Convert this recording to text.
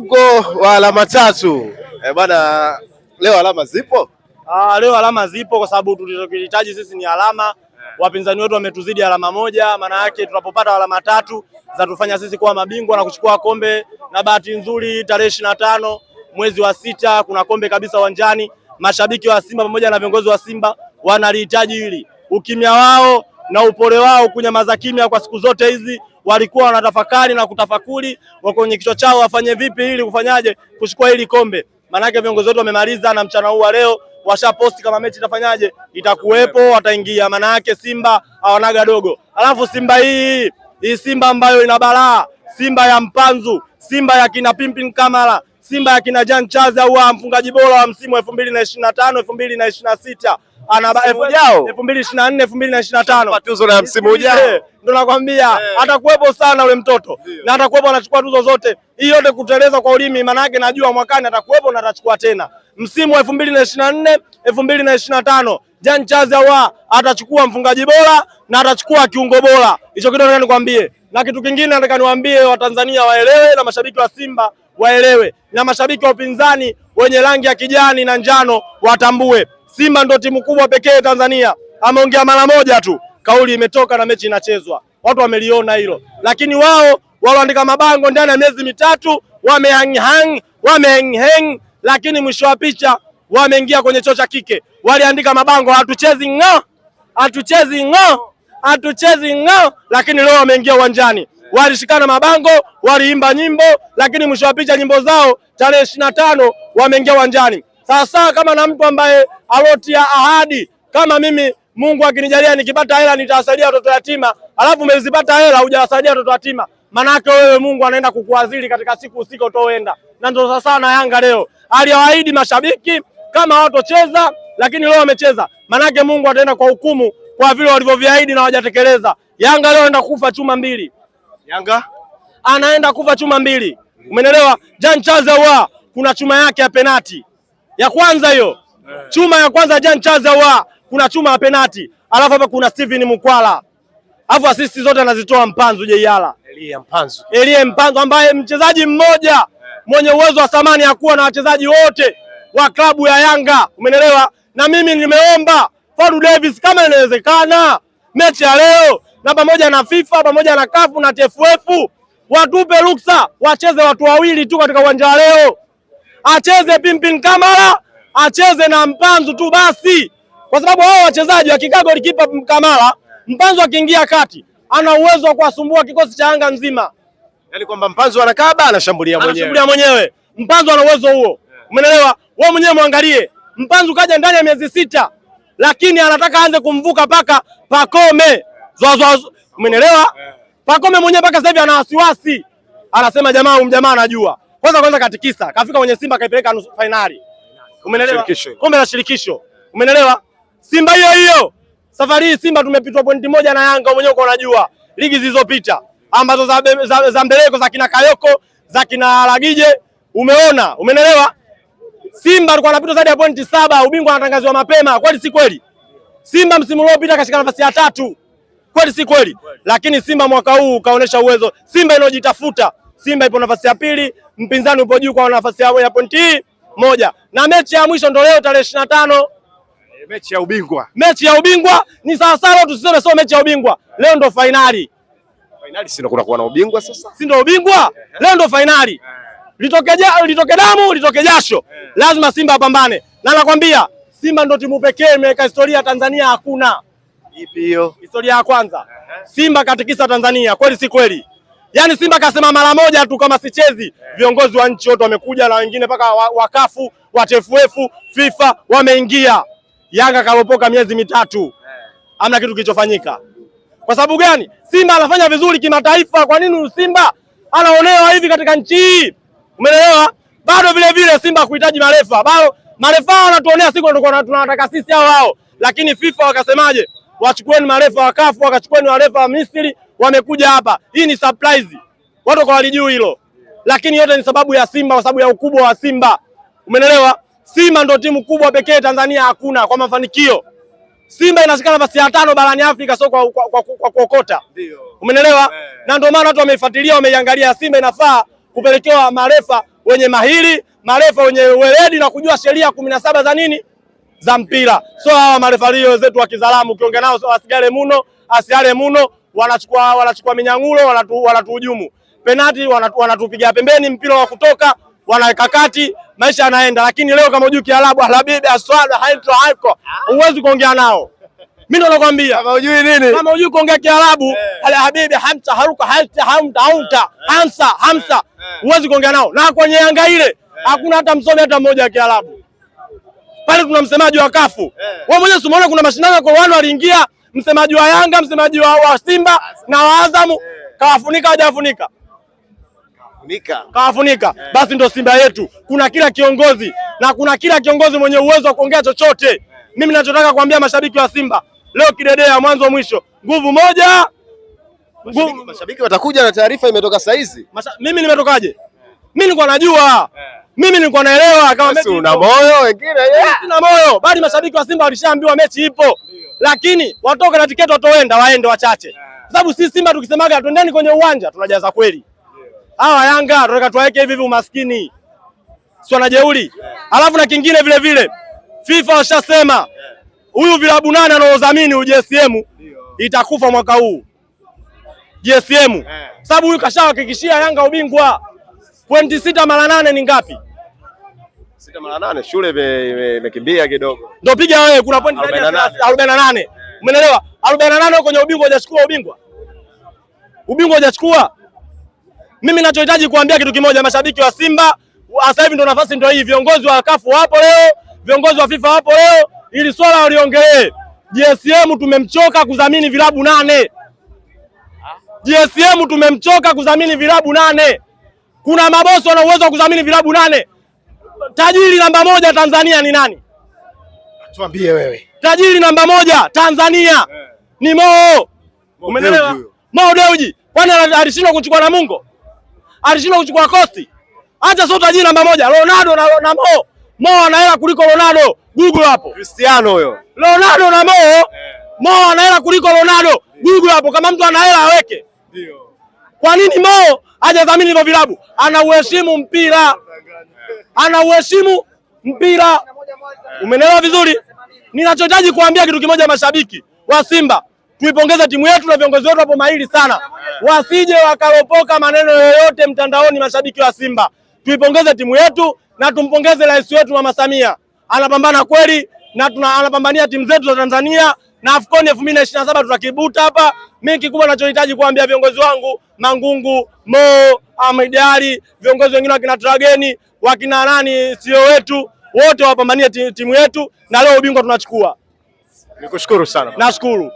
mzunguko wa alama tatu e bwana, leo alama zipo. Ah, leo alama zipo kwa sababu tulizokihitaji sisi ni alama. Wapinzani wetu wametuzidi alama moja, maana yake tunapopata alama tatu za tufanya sisi kuwa mabingwa na kuchukua kombe. Na bahati nzuri tarehe ishirini na tano mwezi wa sita kuna kombe kabisa uwanjani. Mashabiki wa Simba pamoja na viongozi wa Simba wanalihitaji hili, ukimya wao na upole wao kunyamaza kimya kwa siku zote hizi, walikuwa wanatafakari na kutafakuri wa kwenye kichwa chao wafanye vipi ili kufanyaje kuchukua hili kombe. Maanake viongozi wetu wamemaliza na mchana huu wa leo washaposti kama mechi itafanyaje, itakuwepo, wataingia. Maanake Simba hawanaga dogo. Alafu Simba hii hii Simba ambayo ina balaa, Simba ya mpanzu, Simba ya kina Pimpin Kamara, Simba ya kina Jan Chaza au mfungaji bora wa msimu elfu mbili na ishirini na tano elfu mbili na ishirini na sita ana ah, elfu ujao elfu mbili ishirini na nne elfu mbili na ishirini na tano tuzo na msimu eh, ujao, ndo nakwambia eh. atakuwepo sana ule mtoto na atakuwepo anachukua tuzo zote. Hii yote kuteleza kwa ulimi, maana yake najua mwakani atakuwepo na atachukua tena. Msimu wa elfu mbili na ishirini na nne elfu mbili na ishirini na tano Jan Chaza wa atachukua mfungaji bora na atachukua kiungo bora, hicho kitu nataka nikwambie. Na kitu kingine nataka niwaambie Watanzania waelewe na mashabiki wa Simba waelewe na mashabiki wa upinzani wenye rangi ya kijani na njano watambue Simba ndio timu kubwa pekee Tanzania. Ameongea mara moja tu, kauli imetoka na mechi inachezwa. Watu wameliona hilo, lakini wao waloandika mabango ndani ya miezi mitatu wamehang wameheng, lakini mwisho wa picha wameingia kwenye choo cha kike. Waliandika mabango hatuchezi ng'o, hatuchezi ng'o, hatuchezi ng'o, lakini leo wameingia uwanjani walishikana mabango, waliimba nyimbo, lakini mwisho wa picha nyimbo zao tarehe ishirini na tano wameingia uwanjani sasa kama na mtu ambaye alotia ahadi kama mimi Mungu akinijalia nikipata hela nitawasaidia watoto yatima, alafu umezipata hela hujawasaidia watoto yatima, maana yake wewe Mungu anaenda kukuadhili katika siku usiko toenda. Na ndio sasa na Yanga leo aliwaahidi mashabiki kama hawatocheza, lakini leo wamecheza, maana yake Mungu ataenda kwa hukumu kwa vile walivyoviahidi na hawajatekeleza. Yanga leo anaenda kufa chuma mbili, Yanga anaenda kufa chuma mbili, umenelewa? Jan Chazewa kuna chuma yake ya penati ya kwanza hiyo yeah. Chuma ya kwanza Jan Chaza wa kuna chuma ya penati, alafu hapa kuna Steven Mukwala, alafu assist zote anazitoa Mpanzu Jeiala Elie Mpanzu, Elie Mpanzu ambaye mchezaji mmoja yeah. mwenye uwezo wa thamani ya kuwa na wachezaji wote yeah. wa klabu ya Yanga, umenelewa? Na mimi nimeomba Fadu Davis kama inawezekana, mechi ya leo na pamoja na FIFA pamoja na kafu na TFF watupe ruksa wacheze watu wawili tu katika uwanja wa leo acheze Pimpin Kamara, acheze na Mpanzu tu basi, kwa sababu hao wachezaji wakikaa golikipa Kamara, Mpanzu akiingia kati, ana uwezo wa kuwasumbua kikosi cha Yanga nzima. Yaani kwamba Mpanzu anakaba anashambulia mwenyewe, anashambulia mwenyewe. Mpanzu ana uwezo huo, umeelewa? Wewe mwenyewe muangalie. Mpanzu kaja ndani ya miezi sita, lakini anataka aanze kumvuka paka Pakome Zwa zwa. umeelewa? Eh. Pakome mwenyewe paka sasa hivi ana wasiwasi, anasema jamaa, huyu jamaa anajua kwanza kwanza katikisa, kafika kwenye Simba kaipeleka nusu finali. Umeelewa? Kombe la shirikisho. Umeelewa? Simba hiyo hiyo. Safari hii Simba tumepitwa pointi moja na Yanga mwenyewe uko unajua. Ligi zilizopita ambazo za, za, za mbeleko za kina Kayoko, za kina Lagije, umeona? Umeelewa? Simba alikuwa anapita zaidi ya pointi saba, ubingwa anatangaziwa mapema. Kweli si kweli? Simba msimu uliopita kashika nafasi ya tatu. Kweli si kweli? Lakini Simba mwaka huu kaonesha uwezo. Simba inayojitafuta. Simba ipo nafasi ya pili mpinzani upo juu kwa nafasi yao ya pointi moja, na mechi ya mwisho ndio leo tarehe ishirini na tano eh, mechi ya ubingwa, mechi ya ubingwa ni sawa sawasawa, tusiseme sio mechi ya ubingwa. Leo ndo fainali, fainali si ndo kuna kuwa na ubingwa sasa, si ndo ubingwa? Eh. Leo ndo fainali, eh. litoke litoke damu litoke jasho, lazima Simba apambane, na nakwambia Simba ndo timu pekee imeweka historia Tanzania, hakuna ipi hiyo historia ya kwanza Simba katikisa Tanzania, kweli si kweli? Yaani Simba kasema mara moja tu kama sichezi, viongozi wa nchi wote wamekuja na wengine mpaka wakafu wa TFF, FIFA wameingia. Yanga kalopoka miezi mitatu, Amna kitu kilichofanyika. Kwa sababu gani? Simba anafanya vizuri kimataifa, kwa nini Simba anaonewa hivi katika nchi hii? Umeelewa? Bado vile vile Simba kuhitaji marefa, bado marefa wanatuonea siku, ndio tunawataka sisi hao hao, lakini FIFA wakasemaje? Wachukueni marefa wakafu, wakachukueni marefa wa Misri wamekuja hapa. Hii ni surprise, watu kwa walijua hilo, lakini yote ni sababu ya Simba, kwa sababu ya ukubwa wa Simba. Umenelewa? Simba ndio timu kubwa pekee Tanzania, hakuna kwa mafanikio. Simba inashika nafasi ya tano barani Afrika, sio kwa kuokota. Umenelewa? Eh. Na ndio maana watu wameifuatilia, wameiangalia. Simba inafaa kupelekewa marefa wenye mahiri, marefa wenye weledi na kujua sheria kumi na saba za nini za mpira. So hawa marefa marefario wenzetu wa kizalamu, ukiongea nao asigale muno, asiale muno wanachukua wanachukua minyangulo, wanatu wanatuhujumu, penati wanatupiga pembeni, mpira wa kutoka wanaweka kati, maisha yanaenda. Lakini leo kama hujui Kiarabu, alabibi aswada haitro haiko, huwezi kuongea nao. Mimi ndo nakwambia kama hujui nini, kama hujui kuongea Kiarabu, eh. ala habibi hamsa haruka halta hamta hamta hamsa hamsa, huwezi kuongea nao. Na kwenye Yanga ile eh. hakuna hata msomi hata mmoja wa Kiarabu pale, kuna msemaji wa kafu eh. wewe mwenyewe umeona, kuna mashindano ya Qur'an aliingia msemaji wa Yanga, msemaji wa, wa Simba na wa Azamu kawafunika, hajafunika kawafunika, eh. basi ndo Simba yetu. Kuna kila kiongozi na kuna kila kiongozi mwenye uwezo wa kuongea chochote. Eh. Mimi nachotaka kuambia mashabiki wa Simba leo, kidedea mwanzo mwisho, nguvu moja. Mashabiki, mashabiki watakuja na taarifa imetoka saa hizi. Mimi nimetokaje? Mimi nilikuwa najua eh. mimi nilikuwa naelewa kama una moyo, wengine una moyo, bali mashabiki wa Simba walishaambiwa mechi ipo lakini watoke na tiketi watoenda waende wachache, sababu sisi Simba tukisemaga twendeni kwenye uwanja tunajaza kweli. Hawa Yanga tunataka tuwaweke hivi hivi umaskini, si yeah. Alafu na kingine vile vile FIFA washasema huyu vilabu nane anaodhamini huyu JSM itakufa mwaka huu JSM, sababu huyu kashawahakikishia Yanga ubingwa. Pointi sita mara nane ni ngapi? nane shule imekimbia kidogo, ndio piga wewe, kuna point 48. Eh. Umeelewa? 48 kwenye ubingwa hujachukua ubingwa, ubingwa hujachukua. Mimi nachohitaji kuambia kitu kimoja, mashabiki wa Simba sasa hivi ndio nafasi ndio hii, viongozi wa CAF wapo leo, viongozi wa FIFA wapo leo, ili swala waliongelee. GSM tumemchoka kudhamini vilabu nane. GSM tumemchoka kudhamini vilabu nane. Kuna mabosi wana uwezo wa kudhamini vilabu nane tajiri namba moja Tanzania ni nani? Tuambie wewe. Tajiri namba moja Tanzania yeah. ni Mo. Umeelewa? Mo Dewji. Kwani alishindwa kuchukua na Mungu? Alishindwa kuchukua Kosti? Hata sio tajiri namba moja Ronaldo na, na Mo. Mo ana hela kuliko Ronaldo. Google hapo. Cristiano huyo. Ronaldo na Mo. Yeah. Mo ana hela kuliko Ronaldo. Google hapo kama mtu ana hela aweke. Ndio. Kwa nini Mo hajadhamini hivyo vilabu? Anauheshimu mpira ana uheshimu mpira. Umenelewa vizuri? Ninachohitaji kuambia kitu kimoja, mashabiki wa Simba, tuipongeze timu yetu na viongozi wetu hapo mahiri sana, wasije wakaropoka maneno yoyote mtandaoni. Mashabiki wa Simba, tuipongeze timu yetu na tumpongeze rais wetu Mama Samia, anapambana kweli na tuna, anapambania timu zetu za Tanzania na AFCON 2027 tutakibuta hapa mimi kikubwa ninachohitaji kuambia viongozi wangu Mangungu, Mo, Ahmed Ali, viongozi wengine wakina Trageni, wakina nani sio e wetu, wote wapambanie timu yetu, na leo ubingwa tunachukua. Nikushukuru sana. Nashukuru.